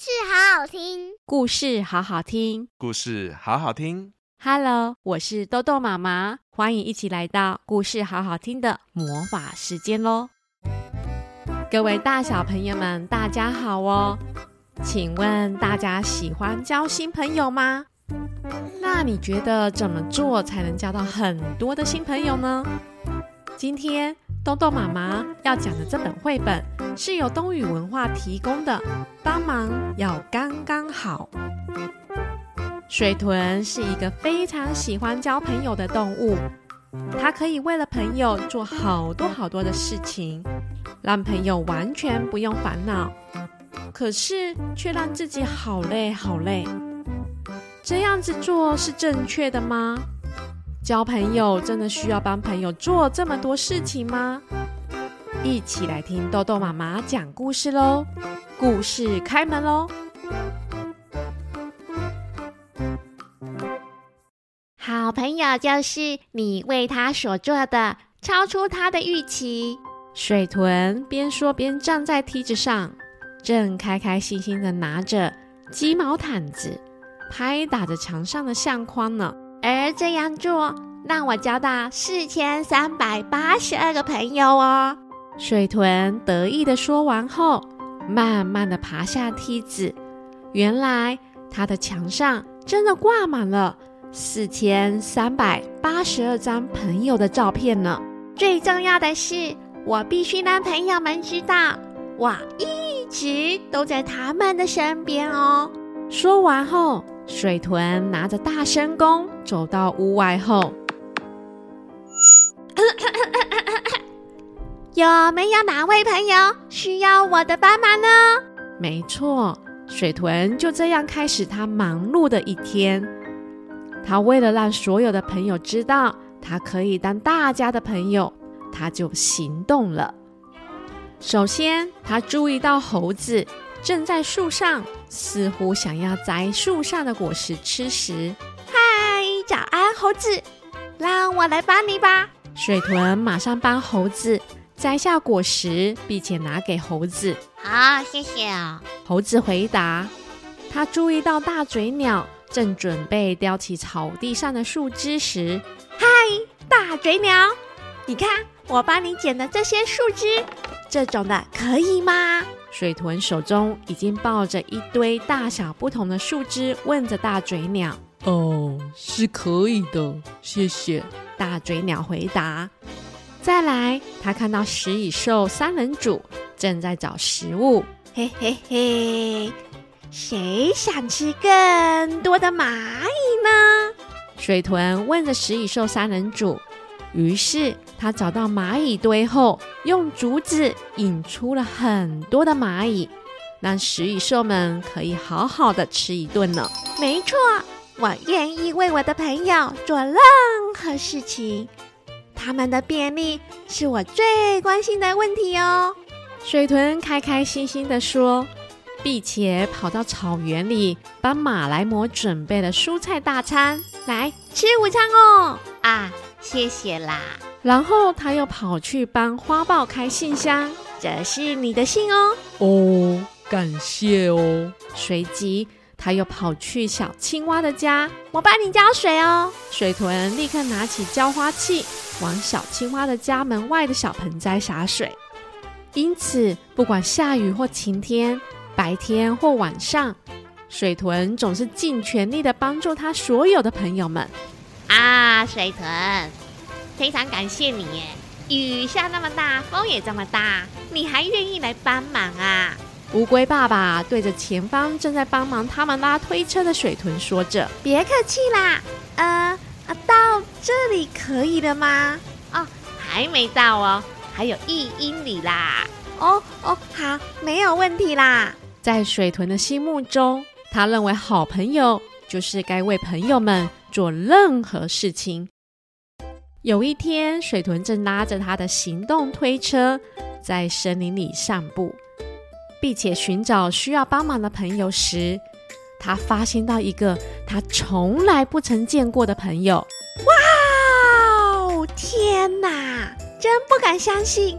故事好好聽，故事好好聽，故事好好聽。Hello，我是豆豆媽媽，歡迎一起來到故事好好聽的魔法時間嘍！各位大小朋友們，大家好哦！請問大家喜歡交新朋友嗎？那你覺得怎麼做才能交到很多的新朋友呢？今天……荳荳媽媽要講的這本繪本是由東雨文化提供的，幫忙要剛剛好。水豚是一個非常喜歡交朋友的動物，它可以為了朋友做好多好多的事情，讓朋友完全不用煩惱，可是卻讓自己好累好累。這樣子做是正確的嗎？交朋友真的需要幫朋友做這麼多事情嗎？一起來聽豆豆媽媽講故事嘍！故事開門嘍！好朋友就是你為他所做的，超出他的預期。水豚邊說邊站在梯子上，正開開心心地拿着雞毛撣子，拍打着牆上的相框呢。而這樣做讓我交到四千三百八十二個朋友哦。水豚得意地說完後，慢慢地爬下梯子。原來他的牆上真的掛滿了四千三百八十二張朋友的照片呢。最重要的是，我必須讓朋友們知道，我一直都在他們的身邊哦。說完後。水豚拿着大聲公走到屋外後，有沒有哪位朋友需要我的幫忙呢？沒錯，水豚就這樣開始他忙碌的一天。他為了讓所有的朋友知道他可以當大家的朋友，他就行動了。首先，他注意到猴子。正在樹上，似乎想要摘樹上的果實吃時。嗨，早安，猴子，讓我來幫你吧。水豚馬上幫猴子摘下，摘下果實，並且拿給猴子。好，謝謝啊。猴子回答。他注意到大嘴鳥正準備叼起草地上的樹枝時，嗨，大嘴鳥，你看我幫你撿的這些樹枝，這種的可以嗎？水豚手中已經抱着一堆大小不同的樹枝，問着大嘴鳥：“哦，是可以的，謝謝。”大嘴鳥回答。再來，他看到食蟻獸三人組正在找食物，嘿嘿嘿，誰想吃更多的螞蟻呢？水豚問着食蟻獸三人組。於是他找到螞蟻堆後，用竹子引出了很多的螞蟻，讓食蟻獸們可以好好的吃一頓了。沒錯，我願意為我的朋友做任何事情。他們的便利是我最關心的問題哦。水豚開開心心地說，並且跑到草原裡，幫馬來貘準備了蔬菜大餐來吃午餐哦。啊。謝謝啦。然後他又跑去幫花豹開信箱，這是你的信哦。哦，感謝哦。隨即他又跑去小青蛙的家，我幫你澆水哦。水豚立刻拿起澆花器，往小青蛙的家門外的小盆栽灑水。因此，不管下雨或晴天，白天或晚上，水豚總是盡全力地幫助他所有的朋友們。啊，水豚，非常感謝你耶！雨下那麼大，風也這麼大，你還願意來幫忙啊？烏龜爸爸對着前方正在幫忙他們拉推車的水豚說着：“別客氣啦，呃，啊，到這裡可以了嗎？哦，還沒到哦，還有一英里啦。哦哦，好，沒有問題啦。”在水豚的心目中，他認為好朋友。就是該為朋友們做任何事情。有一天，水豚正拉着他的行動推車在森林裡散步，並且尋找需要幫忙的朋友時，他發現到一個他從來不曾見過的朋友。哇！天哪，真不敢相信，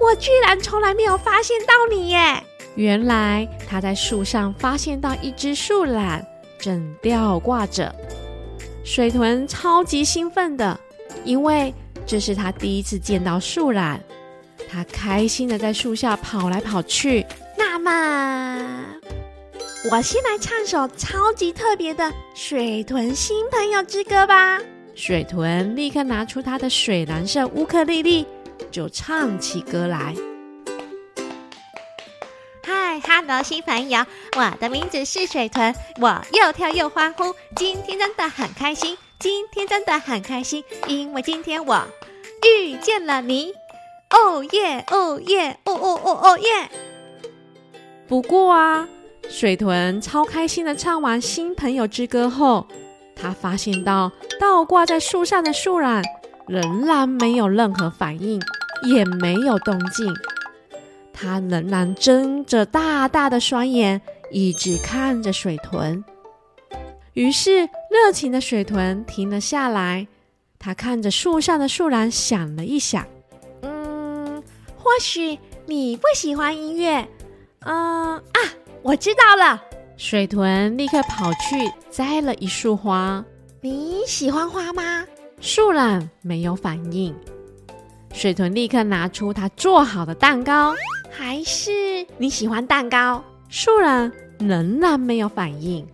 我居然從來沒有發現到你耶！原來他在樹上發現到一隻樹懶。正吊掛着，水豚超級興奮的，因為這是他第一次見到樹懶。他開心的在樹下跑來跑去。那麼，我先來唱首超級特別的《水豚新朋友之歌》吧。水豚立刻拿出它的水藍色烏克麗麗，就唱起歌來。哈嘍，新朋友！我的名字是水豚，我又跳又歡呼，今天真的很開心，今天真的很開心，因為今天我遇見了你，哦耶，哦耶，哦哦哦哦耶！不過啊，水豚超開心的唱完新朋友之歌後，他發現到倒掛在樹上的樹懶仍然沒有任何反應，也沒有動靜。他仍然睜着大大的雙眼，一直看着水豚。於是，熱情的水豚停了下來。他看着樹上的樹懶，想了一想：“嗯，或許你不喜歡音樂。嗯”“嗯啊，我知道了。”水豚立刻跑去摘了一束花。“你喜歡花嗎？”樹懶沒有反應。水豚立刻拿出他做好的蛋糕。還是你喜歡蛋糕？樹懶仍然沒有反應。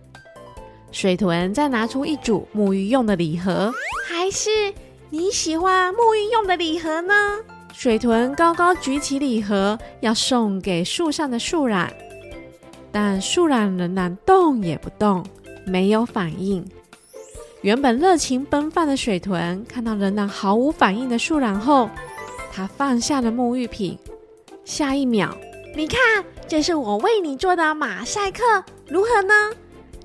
水豚再拿出一組沐浴用的禮盒。還是你喜歡沐浴用的禮盒呢？水豚高高舉起禮盒，要送給樹上的樹懶，但樹懶仍然動也不動，沒有反應。原本熱情奔放的水豚看到仍然毫無反應的樹懶後，他放下了沐浴品。下一秒，你看，這是我為你做的馬賽克，如何呢？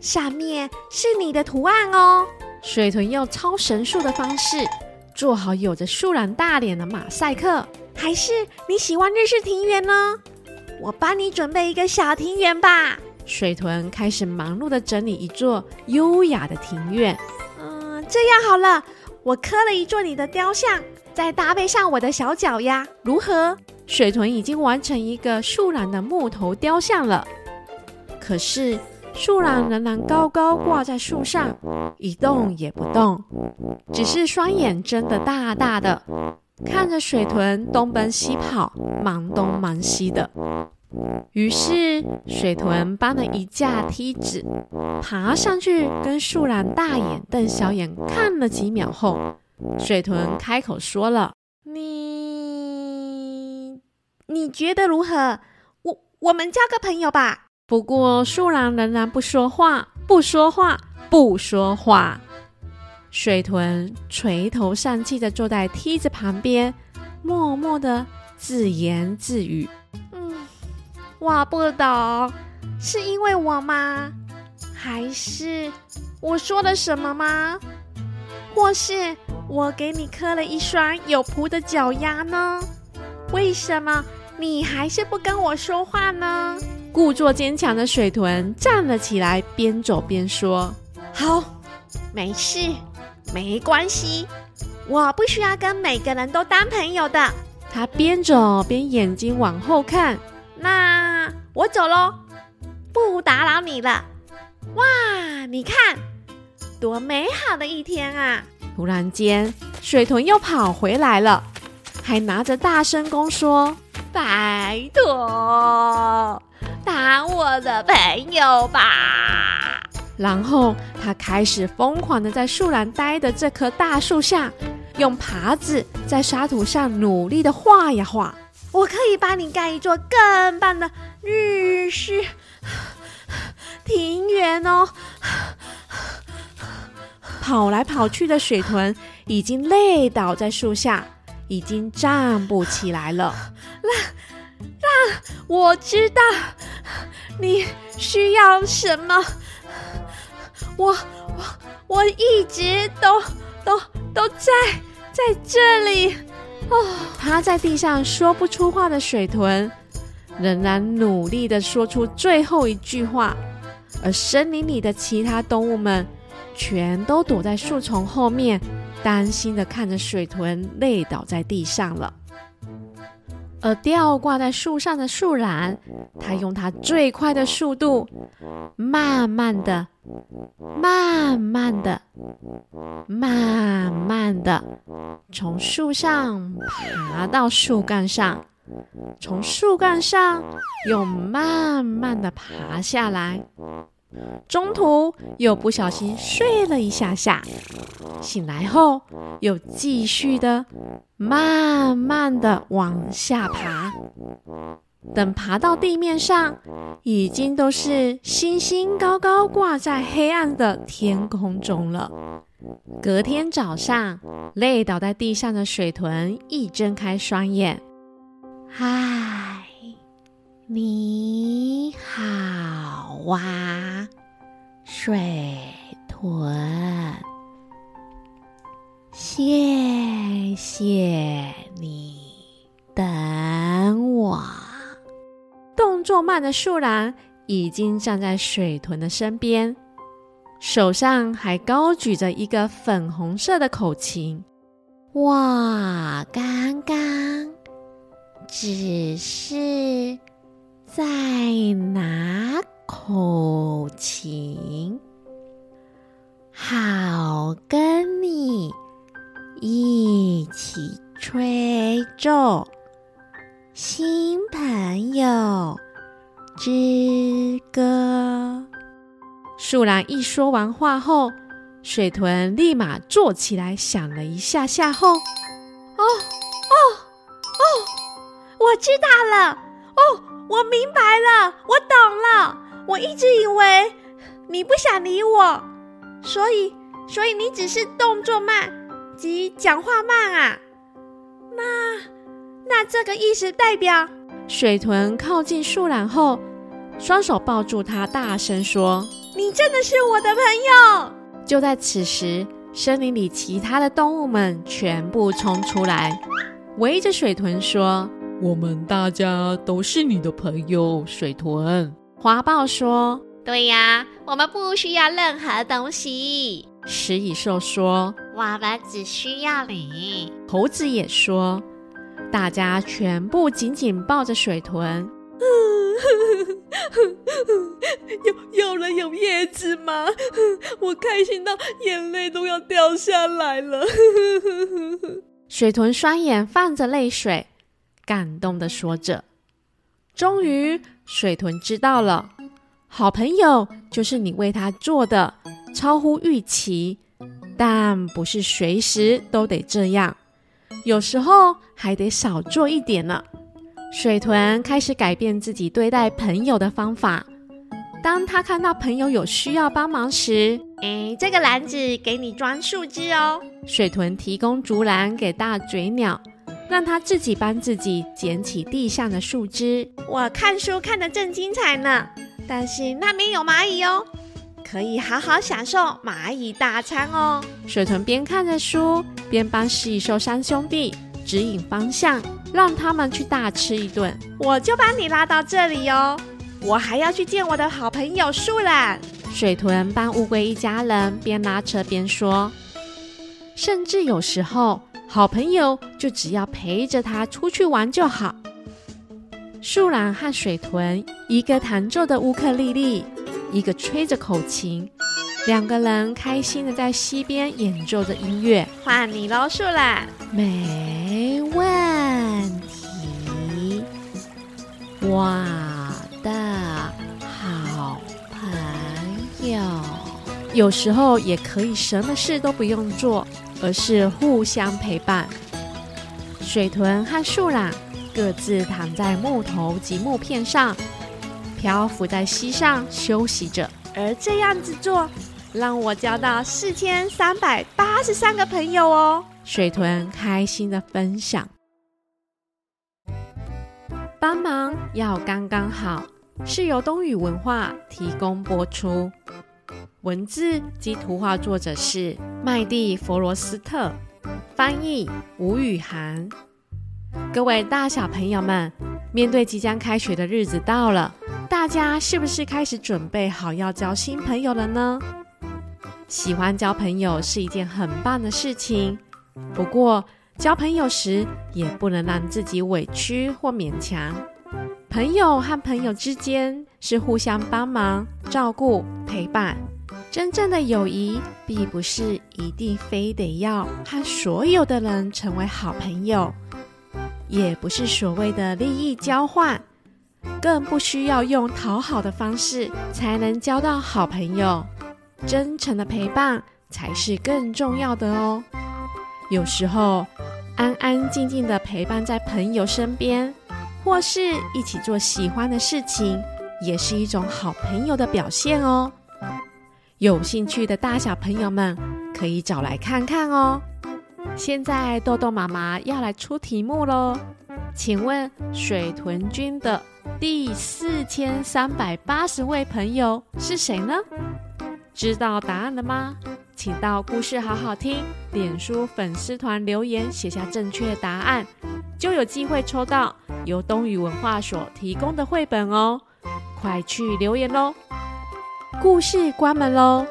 下面是你的圖案哦。水豚用超神速的方式做好有着樹懶大臉的馬賽克，還是你喜歡日式庭園呢？我幫你準備一個小庭園吧。水豚開始忙碌地整理一座優雅的庭院。嗯，這樣好了，我刻了一座你的雕像，再搭配上我的小腳丫，如何？水豚已經完成一個樹懶的木頭雕像了，可是樹懶仍然高高掛在樹上，一動也不動，只是雙眼睜得大大的，看着水豚東奔西跑，忙東忙西的。於是水豚搬了一架梯子，爬上去跟樹懶大眼瞪小眼看了幾秒後，水豚開口說了：“你。”你覺得如何？我我們交個朋友吧。不過樹懶仍然不說話，不說話，不說話。水豚垂頭喪氣地坐在梯子旁邊，默默地自言自語：“嗯，我不懂，是因為我嗎？還是我說了什麼嗎？或是我給你磕了一雙有蹼的腳丫呢？”為什麼你還是不跟我說話呢？故作堅強的水豚站了起來，邊走邊說：“好，沒事，沒關係，我不需要跟每個人都當朋友的。”他邊走邊眼睛往後看。那我走咯，不打擾你了。哇，你看，多美好的一天啊！突然間，水豚又跑回來了。還拿着大聲公說：“拜托，當我的朋友吧！”然後他開始瘋狂的在樹懶呆的這棵大樹下，用耙子在沙土上努力的畫呀畫。我可以幫你蓋一座更棒的日式庭園哦！跑來跑去的水豚已經累倒在樹下。已經站不起來了，讓讓我知道你需要什麼。我我我一直都都都在在這裡。哦，趴在地上說不出話的水豚，仍然努力的說出最後一句話，而森林裡的其他動物們全都躲在樹叢後面。擔心的看着水豚累倒在地上了，而吊掛在樹上的樹懶，它用它最快的速度，慢慢的、慢慢的、慢慢的，從樹上爬到樹幹上，從樹幹上又慢慢的爬下來。中途又不小心睡了一下下，醒來後又繼續的慢慢的往下爬。等爬到地面上，已經都是星星高高掛在黑暗的天空中了。隔天早上，累倒在地上的水豚一睜開雙眼，嗨，你好。花水豚，謝謝你等我。動作慢的樹懶已經站在水豚的身邊，手上還高舉着一個粉紅色的口琴。哇，剛剛只是在哪裡？口琴，好跟你一起吹奏新朋友之歌。樹懶一說完話後，水豚立馬坐起來，想了一下下後，哦哦哦，我知道了，哦，我明白了，我懂了。我一直以為你不想理我，所以所以你只是動作慢即講話慢啊？那那這個意思代表？水豚靠近樹懶後，雙手抱住他，大聲說：“你真的是我的朋友。”就在此時，森林裡其他的動物們全部衝出來，圍着水豚說：“我們大家都是你的朋友，水豚。”花豹說：“對呀，我們不需要任何東西。”食蟻獸說：“我們只需要你。”猴子也說：“大家全部緊緊抱着水豚。 有”有有人有葉子嗎？我開心到眼淚都要掉下來了。 水豚雙眼泛着淚水，感動的說着。終於，水豚知道了，好朋友就是你為他做的超乎預期，但不是隨時都得這樣，有時候還得少做一點呢。水豚開始改變自己對待朋友的方法。當他看到朋友有需要幫忙時，誒，這個籃子給你裝樹枝哦。水豚提供竹籃給大嘴鳥。讓他自己幫自己撿起地上的樹枝。我看書看得正精彩呢，但是那邊有螞蟻哦，可以好好享受螞蟻大餐哦。水豚邊看着書，邊幫食蟻獸三兄弟指引方向，讓他們去大吃一頓。我就幫你拉到這裡哦，我還要去見我的好朋友樹懶。水豚幫烏龜一家人邊拉車邊說，甚至有時候。好朋友就只要陪着他出去玩就好。樹懶和水豚，一個彈奏的烏克麗麗，一個吹着口琴，兩個人開心地在溪邊演奏着音樂。換你嘍，樹懶。沒問題，我的好朋友。有時候也可以什麼事都不用做。而是互相陪伴。水豚和樹懶各自躺在木頭及木片上，漂浮在溪上休息着。而這樣子做，讓我交到四千三百八十三個朋友哦！水豚開心的分享。幫忙要剛剛好，是由東雨文化提供播出。文字及圖畫作者是麥蒂弗羅斯特，翻譯吳羽涵。各位大小朋友們，面對即將開學的日子到了，大家是不是開始準備好要交新朋友了呢？喜歡交朋友是一件很棒的事情，不過交朋友時也不能讓自己委屈或勉強。朋友和朋友之間是互相幫忙、照顧、陪伴。真正的友誼，並不是一定非得要和所有的人成為好朋友，也不是所謂的利益交換，更不需要用討好的方式才能交到好朋友。真誠的陪伴才是更重要的哦。有時候，安安靜靜的陪伴在朋友身邊。或是一起做喜歡的事情，也是一種好朋友的表現哦。有興趣的大小朋友們，可以找來看看哦。現在豆豆媽媽要來出題目嘍，請問水豚君的第四千三百八十位朋友是誰呢？知道答案了嗎？請到故事好好聽臉書粉絲團留言寫下正確答案，就有機會抽到，由東雨文化所提供的繪本哦，快去留言嘍！故事關門嘍！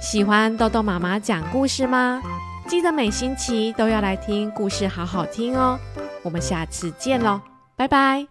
喜歡荳荳媽媽講故事嗎？記得每星期都要來聽故事，好好聽哦！我們下次見嘍，拜拜！